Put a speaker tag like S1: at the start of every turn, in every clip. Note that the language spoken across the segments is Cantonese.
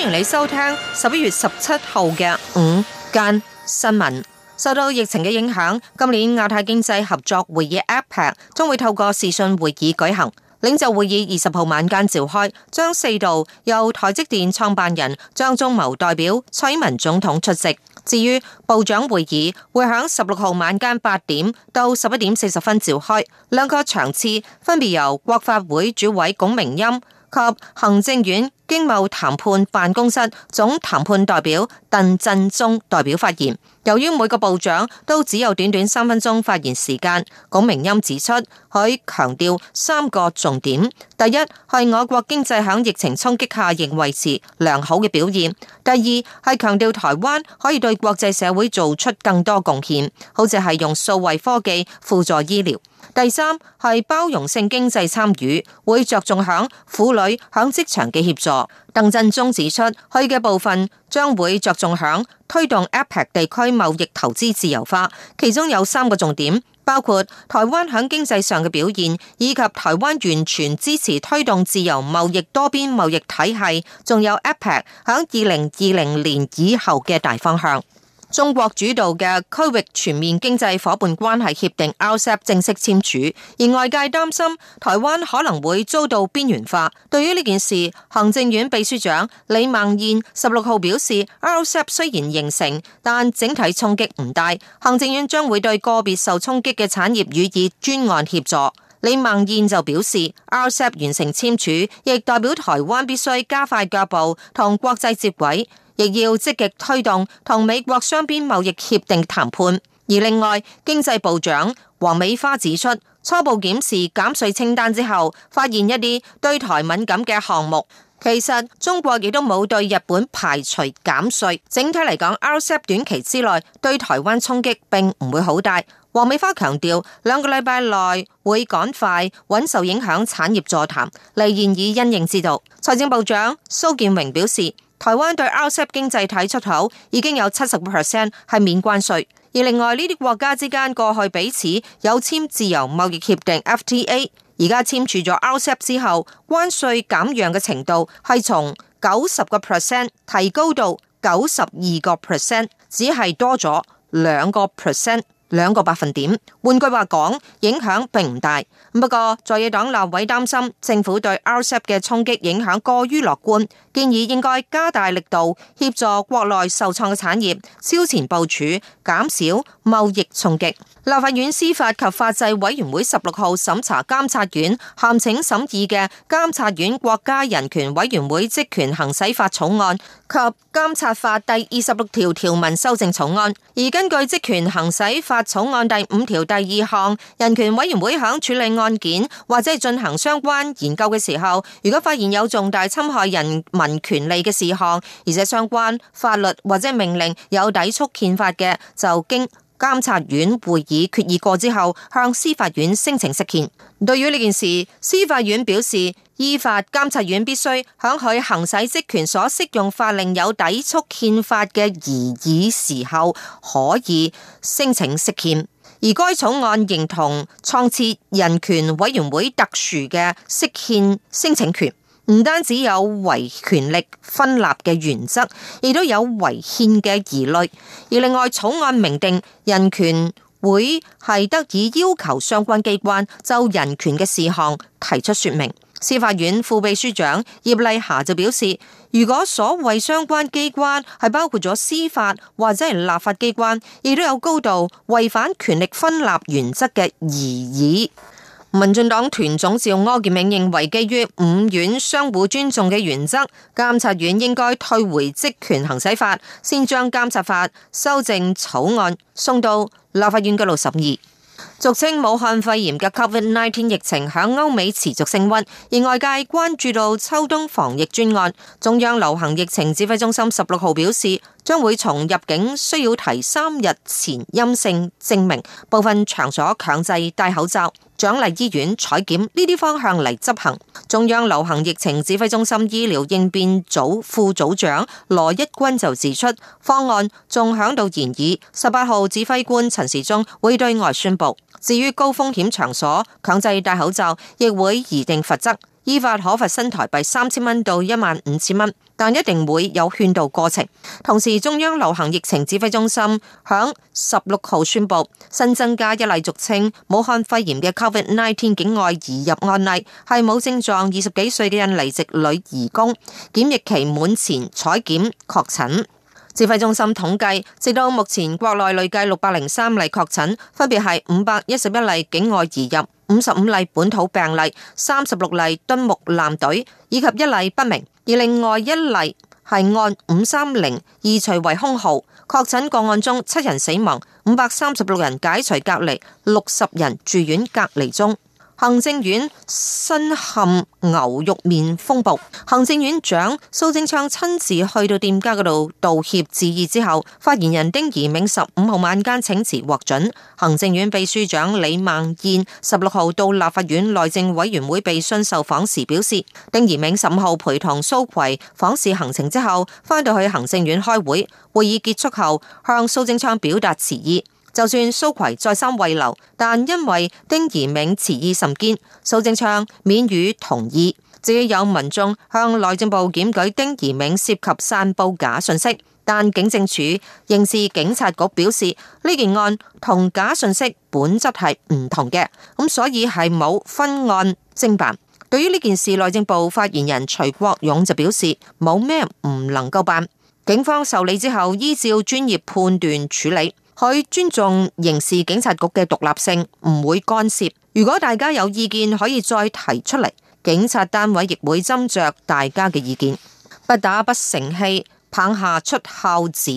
S1: 歡迎你收聽十一月十七號嘅午間新聞。受到疫情嘅影響，今年亞太經濟合作會議 APEC 將會透過視訊會議舉行。領袖會議二十號晚間召開，將四度由台積電創辦人張忠謀代表蔡英文總統出席。至於部長會議會響十六號晚間八點到十一點四十分召開，兩個場次分別由國法會主委龔明鑫，及行政院經貿談判辦公室總談判代表鄧振中代表發言。由於每個部長都只有短短三分鐘發言時間，龔明鑫指出，佢強調三個重點：第一，係我國經濟響疫情衝擊下仍維持良好嘅表現；第二，係強調台灣可以對國際社會做出更多貢獻，好似係用數位科技輔助醫療；第三，係包容性經濟參與，會着重響婦女響職場嘅協助。鄧振中指出，去嘅部分將會着重響推動 APEC 地區貿易投資自由化，其中有三個重點，包括台灣響經濟上嘅表現，以及台灣完全支持推動自由貿易多邊貿易體系，仲有 APEC 響二零二零年以後嘅大方向。中國主導嘅區域全面經濟夥伴關係協定 （RCEP） 正式簽署，而外界擔心台灣可能會遭到邊緣化。對於呢件事，行政院秘書長李孟燕十六號表示，RCEP 雖然形成，但整體衝擊唔大。行政院將會對個別受衝擊嘅產業予以專案協助。李孟燕就表示，RCEP 完成簽署，亦代表台灣必須加快腳步同國際接軌。亦要積極推動同美國雙邊貿易協定談判。而另外，經濟部長黃美花指出，初步檢視減稅清單之後，發現一啲對台敏感嘅項目。其實中國亦都冇對日本排除減稅。整體嚟講，RCEP 短期之內對台灣衝擊並唔會好大。黃美花強調，兩個禮拜內會趕快揾受影響產業座談嚟，現以因應之道。財政部長蘇建榮表示。台灣對 RCEP 經濟體出口已經有七十個 percent 係免關稅，而另外呢啲國家之間過去彼此有簽自由貿易協定 FTA，而家簽署咗 RCEP 之後，關稅減讓嘅程度係從九十個 percent 提高到九十二個 percent，只係多咗兩個 percent。兩個百分點，換句話講，影響並唔大。不過在野黨立委擔心政府對 RCEP 嘅衝擊影響過於樂觀，建議應該加大力度協助國內受創嘅產業，超前部署，減少貿易衝擊。立法院司法及法制委員會十六號審查監察院函請審議嘅監察院國家人權委員會職權行使法草案及監察法第二十六條條文修正草案，而根據職權行使法。《草案》第五條第二項，人權委員會響處理案件或者係進行相關研究嘅時候，如果發現有重大侵害人民權利嘅事項，而且相關法律或者命令有抵觸憲法嘅，就經。監察院會議決議過之後，向司法院申請釋憲。對於呢件事，司法院表示，依法監察院必須響佢行使職權所適用法令有抵觸憲法嘅疑義時候，可以申請釋憲。而該草案認同創設人權委員會特殊嘅釋憲申請權。唔單止有違權力分立嘅原則，亦都有違憲嘅疑慮。而另外草案明定，人權會係得以要求相關機關就人權嘅事項提出說明。司法院副秘書長葉麗霞就表示，如果所謂相關機關係包括咗司法或者係立法機關，亦都有高度違反權力分立原則嘅疑義。民進黨團總召柯建銘認為，基於五院相互尊重嘅原則，監察院應該退回職權行使法，先將監察法修正草案送到立法院嘅六十二。俗稱武漢肺炎嘅 COVID-19 疫情響歐美持續升溫，而外界關注到秋冬防疫專案，中央流行疫情指揮中心十六號表示。將會從入境需要提三日前陰性證明、部分場所強制戴口罩、獎勵醫院採檢呢啲方向嚟執行。中央流行疫情指揮中心醫療應變組副組長羅一軍就指出，方案仲響度研議。十八號指揮官陳時中會對外宣布。至於高風險場所強制戴口罩，亦會擬定罰則。依法可罰新台幣三千蚊到一萬五千蚊，但一定會有勸導過程。同時，中央流行疫情指揮中心響十六號宣布，新增加一例俗稱武漢肺炎嘅 Covid-19 境外移入案例，係冇症狀二十幾歲嘅印尼籍女移工，檢疫期滿前採檢確診。指揮中心統計，直到目前國內累計六百零三例確診，分別係五百一十一例境外移入。五十五例本土病例，三十六例敦睦艦隊，以及一例不明。而另外一例係案五三零二除為空號確診個案中，七人死亡，五百三十六人解除隔離，六十人住院隔離中。行政院身陷牛肉麵風暴，行政院長蘇貞昌親自去到店家嗰度道歉致意之後，發言人丁怡銘十五號晚間請辭獲准，行政院秘書長李孟燕十六號到立法院內政委員會備詢受訪時表示，丁怡銘十五號陪同蘇揆訪視行程之後，翻到去行政院開會，會議結束後向蘇貞昌表達辭意。就算蘇葵再三慰留，但因為丁宜銘持意甚堅，蘇正昌勉予同意。至於有民眾向內政部檢舉丁宜銘涉及散布假信息，但警政署刑事警察局表示呢件案同假信息本質係唔同嘅，咁所以係冇分案偵辦。對於呢件事，內政部發言人徐國勇就表示冇咩唔能夠辦，警方受理之後依照專業判斷處理。佢尊重刑事警察局嘅獨立性，唔會干涉。如果大家有意見，可以再提出嚟，警察單位亦會斟酌大家嘅意見。不打不成器，棒下出孝子。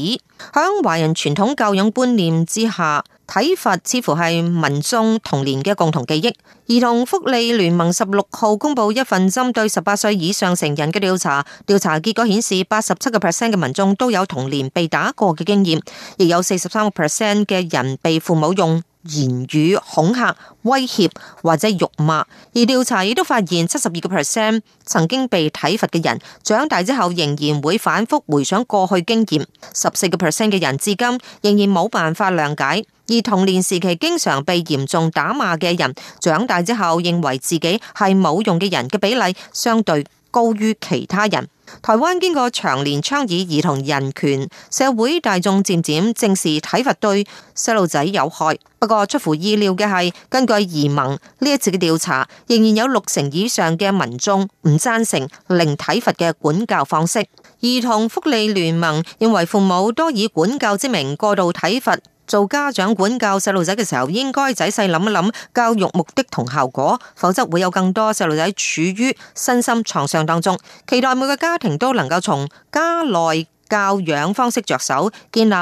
S1: 喺華人傳統教養觀念之下，體罰似乎係民眾童年嘅共同記憶。兒童福利聯盟十六號公布一份針對十八歲以上成人嘅調查，調查結果顯示，八十七個 percent 嘅民眾都有童年被打過嘅經驗，亦有四十三個 percent 嘅人被父母用。言語恐吓、威脅或者辱罵，而調查亦都發現，七十二個 percent 曾經被體罰嘅人，長大之後仍然會反覆回想過去經驗；十四個 percent 嘅人至今仍然冇辦法諒解。而童年時期經常被嚴重打罵嘅人，長大之後認為自己係冇用嘅人嘅比例相對。高於其他人。台灣經過長年倡議兒童人權，社會大眾漸漸正視體罰對細路仔有害。不過出乎意料嘅係，根據兒盟呢一次嘅調查，仍然有六成以上嘅民眾唔贊成零體罰嘅管教方式。兒童福利聯盟認為父母多以管教之名過度體罰。做家長管教細路仔嘅時候，應該仔細諗一諗教育目的同效果，否則會有更多細路仔處於身心創傷當中。期待每個家庭都能夠從家內教養方式着手，建立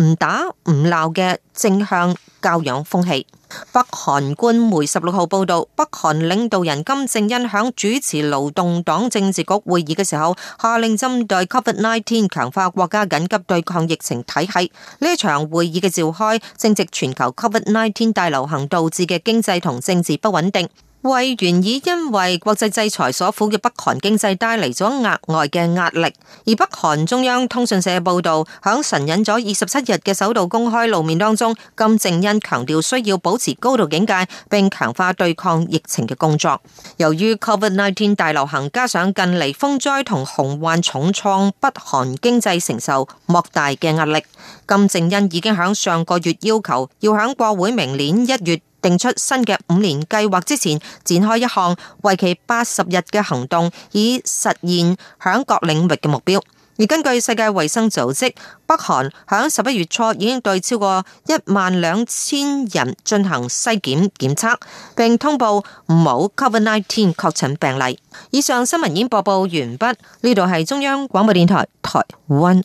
S1: 唔打唔鬧嘅正向教養風氣。北韓官媒十六號報道，北韓領導人金正恩喺主持勞動黨政治局會議嘅時候，下令針對 Covid-19 強化國家緊急對抗疫情體系。呢一場會議嘅召開正值全球 Covid-19 大流行導致嘅經濟同政治不穩定。為原已因為國際制裁所苦嘅北韓經濟帶嚟咗額外嘅壓力，而北韓中央通訊社報道，響神隱咗二十七日嘅首度公開露面當中，金正恩強調需要保持高度警戒，並強化對抗疫情嘅工作由於。由於 Covid-19 大流行，加上近嚟風災同洪患重創北韓經濟，承受莫大嘅壓力。金正恩已經響上個月要求，要響國會明年一月，定出新嘅五年計劃之前，展開一項為期八十日嘅行動，以實現響各領域嘅目標。而根據世界衞生組織，北韓響十一月初已經對超過一萬兩千人進行篩檢檢測，並通報冇 Covid nineteen 確診病例。以上新聞已經播報完畢，呢度係中央廣播電台台灣。